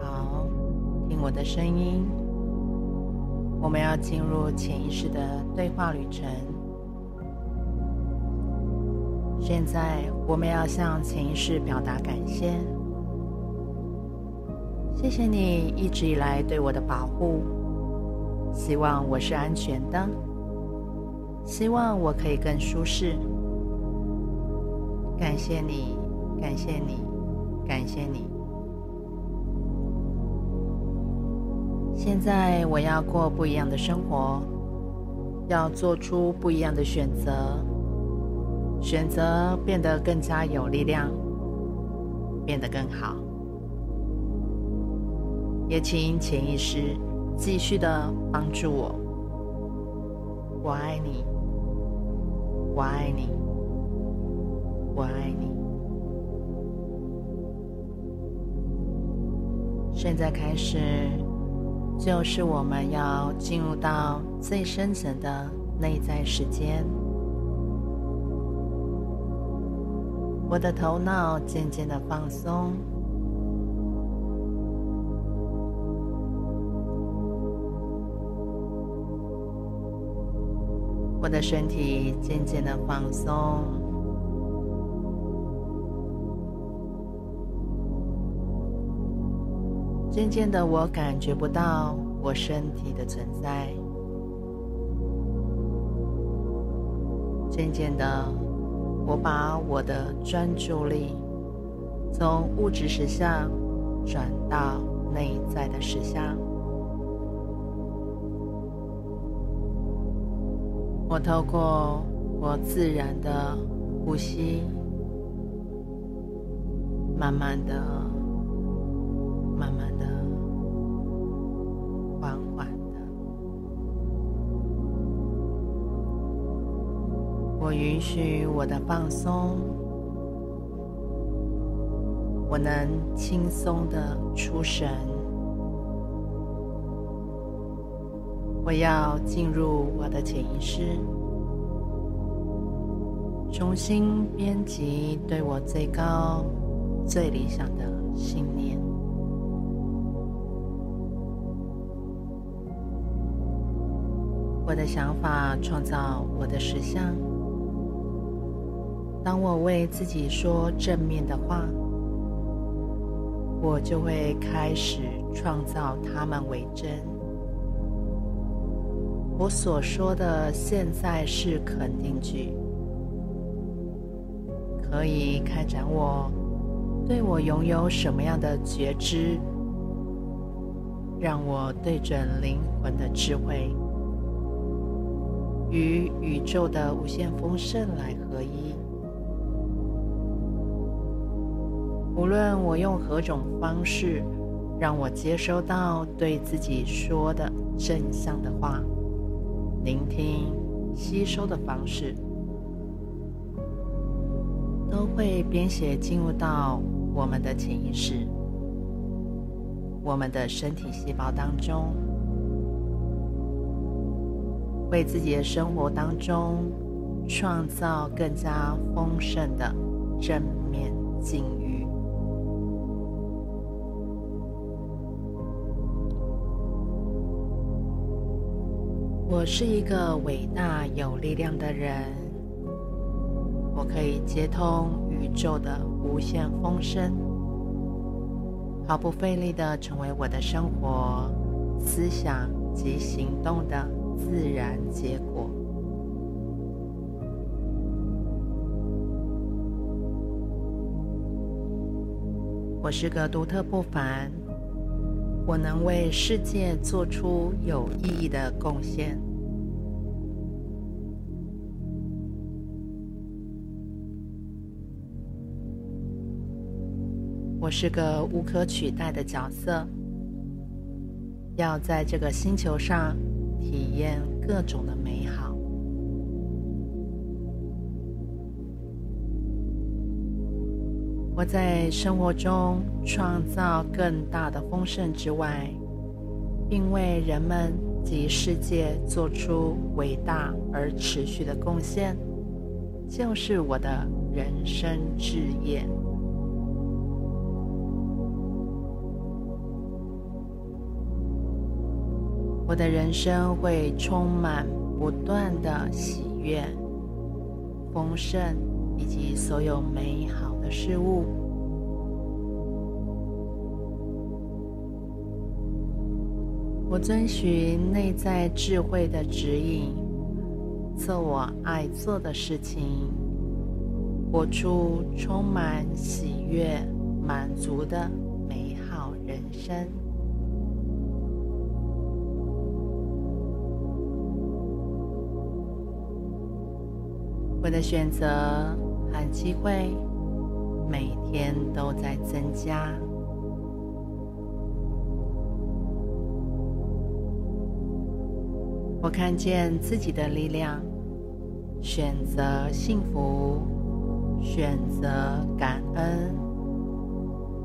好，聽我的聲音。我們要進入潛意識的對話旅程。現在，我們要向潛意識表達感謝。謝謝你一直以來對我的保護，希望我是安全的，希望我可以更舒適。感謝你，感謝你，感謝你。現在我要過不一樣的生活，要做出不一樣的選擇，選擇變得更加有力量，變得更好。也請潛意識繼續的幫助我。我愛你，我愛你，我愛你。現在開始，就是我們要進入到最深層的內在時間。我的頭腦漸漸的放鬆。我的身體漸漸的放鬆，漸漸的我感覺不到我身體的存在，漸漸的我把我的專注力從物質實相轉到內在的實相。我透過我自然的呼吸，慢慢的、慢慢的、緩緩的，我允許我的放鬆，我能輕鬆的出神。我要進入我的潛意識，重新編輯對我最高、最理想的信念。我的想法創造我的實相。當我為自己說正面的話，我就會開始創造他們為真。我所說的現在式肯定句，可以開展我對我擁有什麼樣的覺知，讓我對準靈魂的智慧與宇宙的無限豐盛來合一。無論我用何種方式，讓我接收到對自己說的正向的話。聆聽、吸收的方式，都會編寫進入到我們的潛意識、我們的身體細胞當中，為自己的生活當中創造更加豐盛的正面經驗。我是一個偉大有力量的人，我可以接通宇宙的無限豐盛。毫不費力的成為我的生活、思想及行動的自然結果。我是個獨特不凡。我能為世界做出有意義的貢獻。我是個無可取代的角色，要在這個星球上體驗各種的美好。我在生活中創造更大的豐盛之外，並為人們及世界做出偉大而持續的貢獻，就是我的人生志業。我的人生會充滿不斷的喜悅、豐盛以及所有美好。事物，我遵循內在智慧的指引，做我愛做的事情，活出充滿喜悅、滿足的美好人生。我的選擇和機會。每天都在增加。我看見自己的力量，選擇幸福，選擇感恩，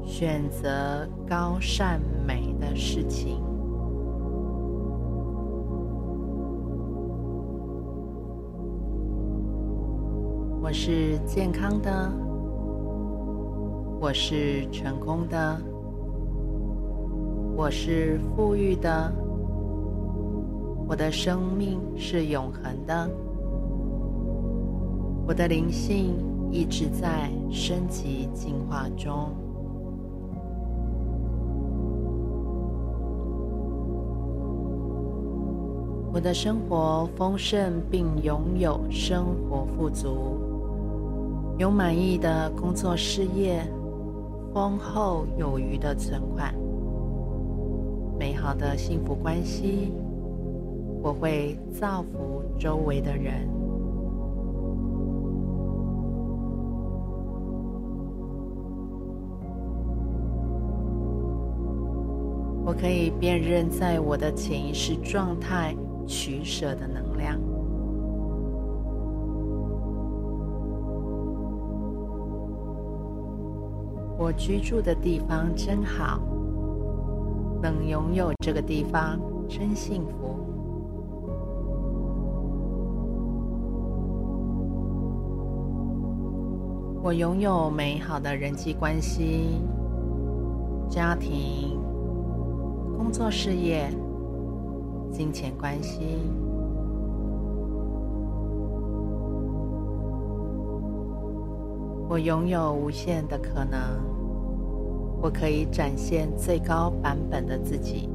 選擇高善美的事情。我是健康的。我是成功的，我是富裕的，我的生命是永恆的，我的靈性一直在升級進化中，我的生活豐盛並擁有生活富足，有滿意的工作事業。豐厚有餘的存款，美好的幸福關係，我會造福周圍的人。我可以辨認在我的潛意識狀態取舍的能量。我居住的地方真好，能擁有這個地方真幸福。我擁有美好的人際關係、家庭、工作事業、金錢關係。我擁有無限的可能。我可以展現最高版本的自己。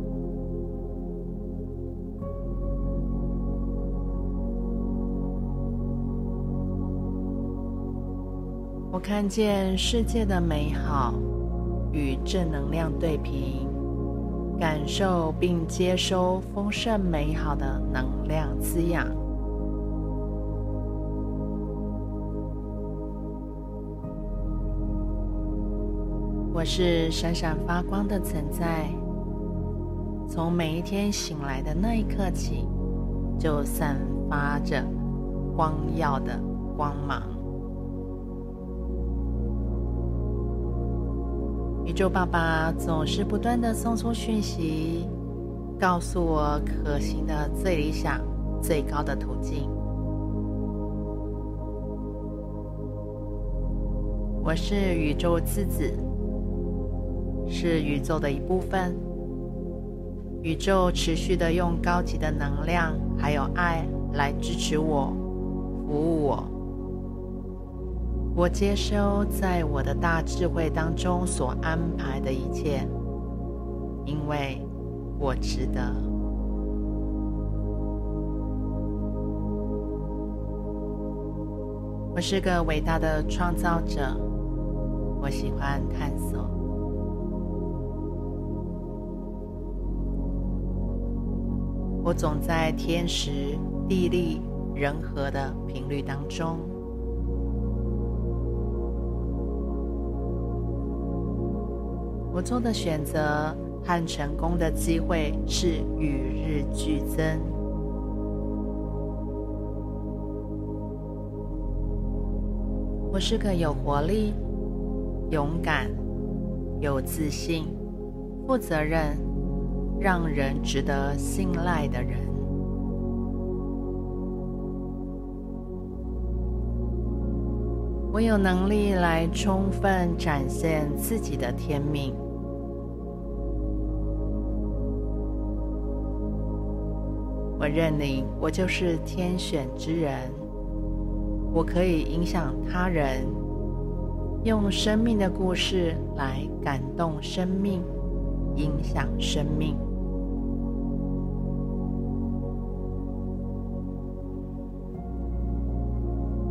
我看見世界的美好與正能量對平，感受並接收豐盛美好的能量滋養。我是閃閃發光的存在，從每一天醒來的那一刻起，就散發着光耀的光芒。宇宙爸爸總是不斷地送出訊息，告訴我可行的最理想、最高的途徑。我是宇宙之子。是宇宙的一部分。宇宙持續的用高級的能量還有愛來支持我、服務我。我接收在我的大智慧當中所安排的一切，因為我值得。我是個偉大的創造者，我喜歡探索。我總在天時、地利、人和的頻率當中，我做的選擇和成功的機會是與日俱增。我是個有活力、勇敢、有自信、負責任，讓人值得信賴的人，我有能力來充分展現自己的天命。我認定我就是天選之人，我可以影響他人，用生命的故事來感動生命，影響生命。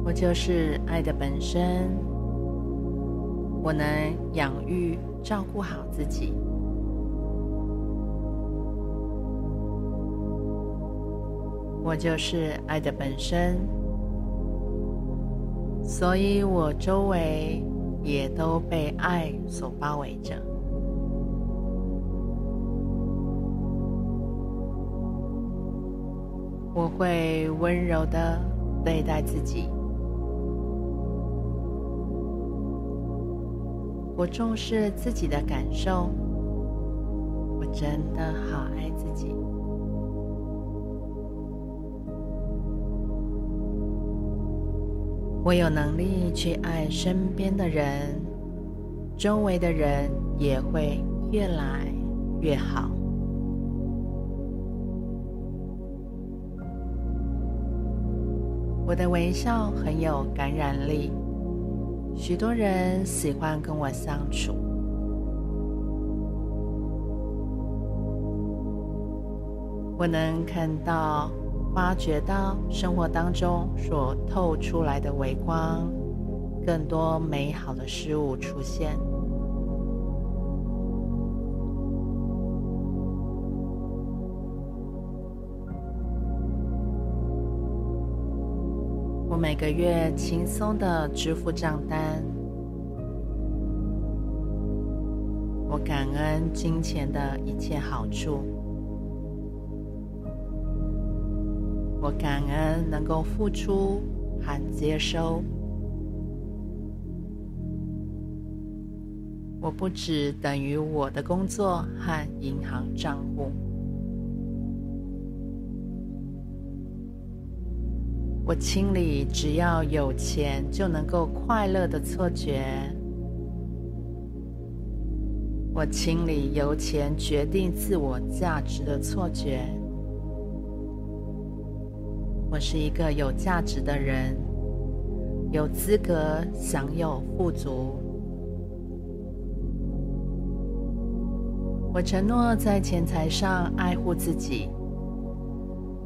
我就是愛的本身，我能養育、照顧好自己。我就是愛的本身，所以我周圍也都被愛所包圍着。我會溫柔的對待自己。我重視自己的感受，我真的好愛自己。我有能力去愛身邊的人，周圍的人也會越來越好。我的微笑很有感染力。許多人喜歡跟我相處，我能看到、挖掘到生活當中所透出來的微光，更多美好的事物出現。每個月輕鬆的支付賬單，我感恩金錢的一切好處，我感恩能夠付出和接收，我不止等於我的工作和銀行賬戶。我清理只要有錢就能夠快樂的錯覺。我清理由錢決定自我價值的錯覺。我是一個有價值的人，有資格享有富足。我承諾在錢財上愛護自己，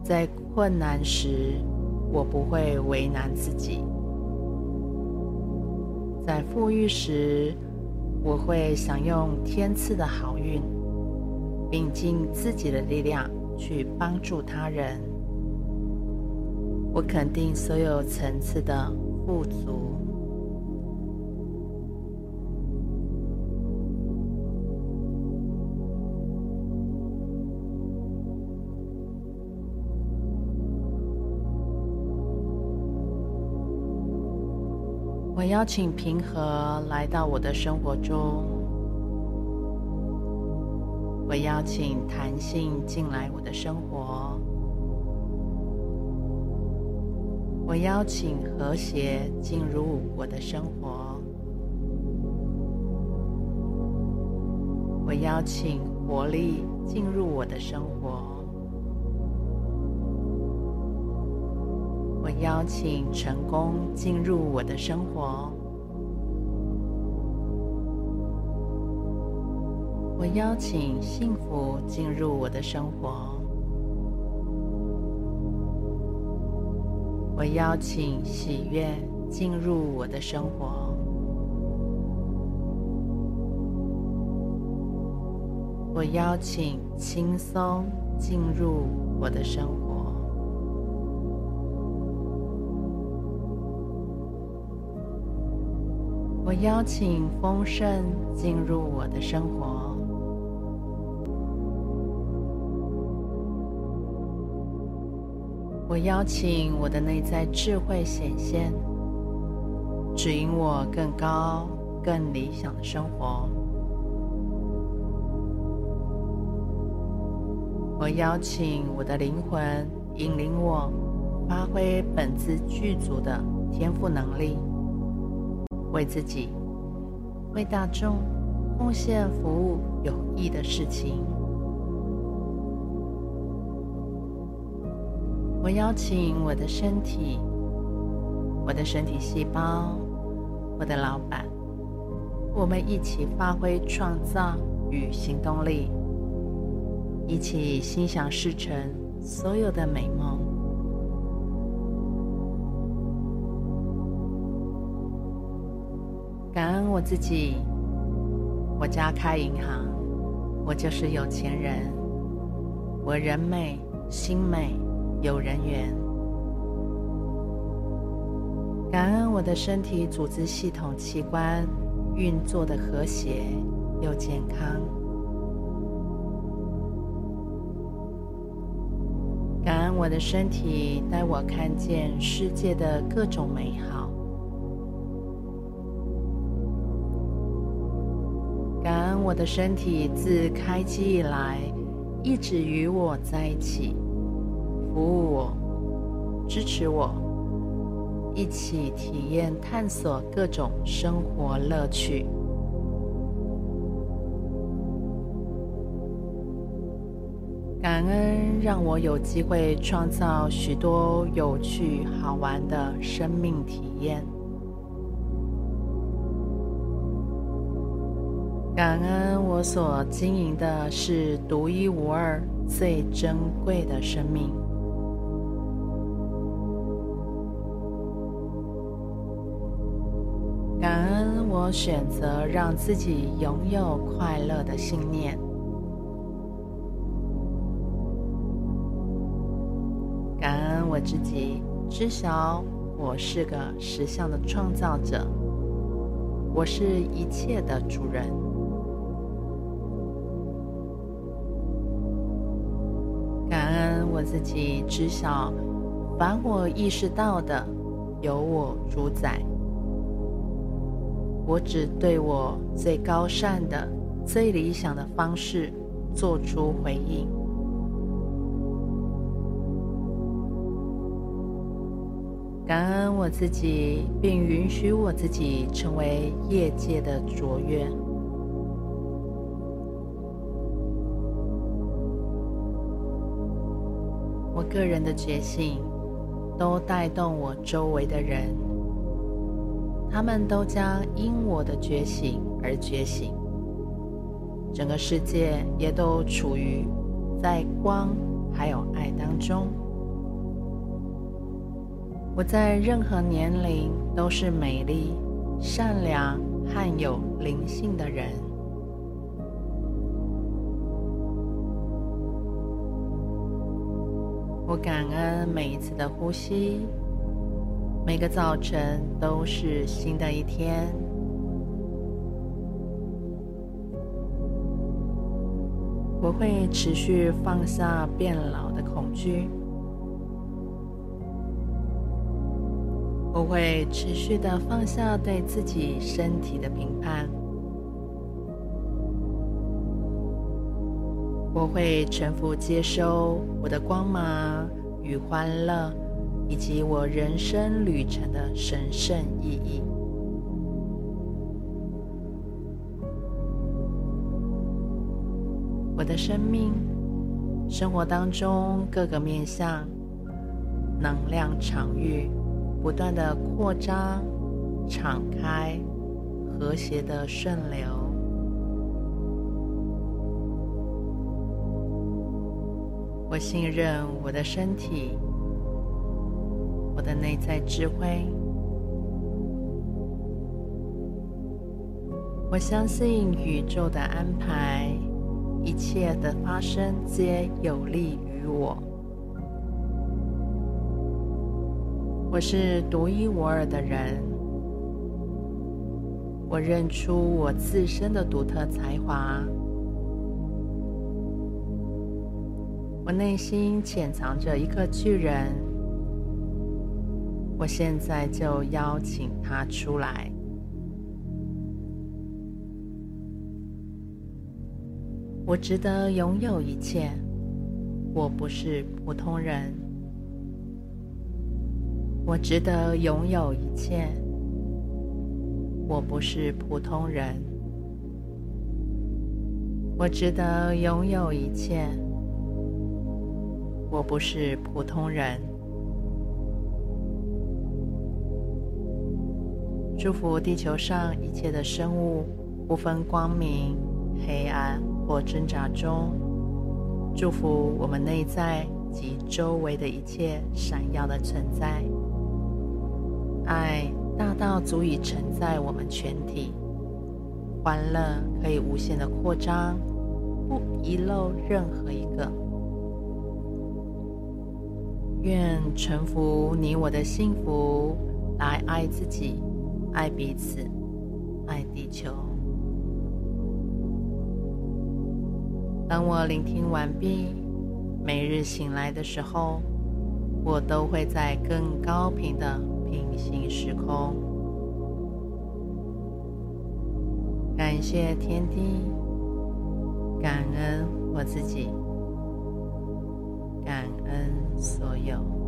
在困難時。我不會為難自己，在富裕時，我會享用天賜的好運，並盡自己的力量去幫助他人。我肯定所有層次的富足。我邀請平和來到我的生活中，我邀請彈性進來我的生活，我邀請和諧進入我的生活，我邀請活力進入我的生活。邀請成功進入我的生活。我邀請幸福進入我的生活。我邀請喜悅進入我的生活。我邀請輕鬆進入我的生活。邀請豐盛進入我的生活。我邀請我的內在智慧顯現，指引我更高、更理想的生活。我邀請我的靈魂引領我，發揮本自具足的天賦能力。為自己、為大眾貢獻服務有益的事情。我邀請我的身體、我的身體細胞、我的老板，我們一起發揮創造與行動力，一起心想事成，所有的美夢。感恩我自己，我家開銀行，我就是有錢人。我人美心美，有人緣。感恩我的身體組織系統器官運作的和諧又健康。感恩我的身體帶我看見世界的各種美好。我的身體自開機以來，一直與我在一起，服務我，支持我，一起體驗探索各種生活樂趣。感恩讓我有機會創造許多有趣好玩的生命體驗。感恩我所經營的是獨一無二、最珍貴的生命。感恩我選擇讓自己擁有快樂的信念。感恩我自己知曉我是個實相的創造者，我是一切的主人。自己知曉，凡我意識到的，由我主宰。我只對我最高善的、最理想的方式做出回應。感恩我自己，並允許我自己成為業界的卓越。我個人的覺醒，都帶動我周圍的人，他們都將因我的覺醒而覺醒。整個世界也都處於在光還有愛當中。我在任何年齡都是美麗、善良和有靈性的人。我感恩每一次的呼吸，每個早晨都是新的一天。我會持續放下變老的恐懼，我會持續的放下對自己身體的評判。我會全服、接收我的光芒與歡樂，以及我人生旅程的神聖意義。我的生命、生活當中各個面向、能量場域不斷的擴張、敞開、和諧的順流。我信任我的身體，我的內在智慧。我相信宇宙的安排，一切的發生皆有利於我。我是獨一無二的人，我認出我自身的獨特才華。我內心潛藏着一個巨人，我現在就邀請他出來。我值得擁有一切，我不是普通人。我值得擁有一切，我不是普通人。我值得擁有一切。我不是普通人。祝福地球上一切的生物，不分光明、黑暗或掙扎中。祝福我們內在及周圍的一切閃耀的存在。愛大到足以承載我們全體，歡樂可以無限的擴張，不遺漏任何一個。願臣服，你我的幸福，來愛自己，愛彼此，愛地球。當我聆聽完畢，每日醒來的時候，我都會在更高頻的平行時空。感謝天地，感恩我自己。所有。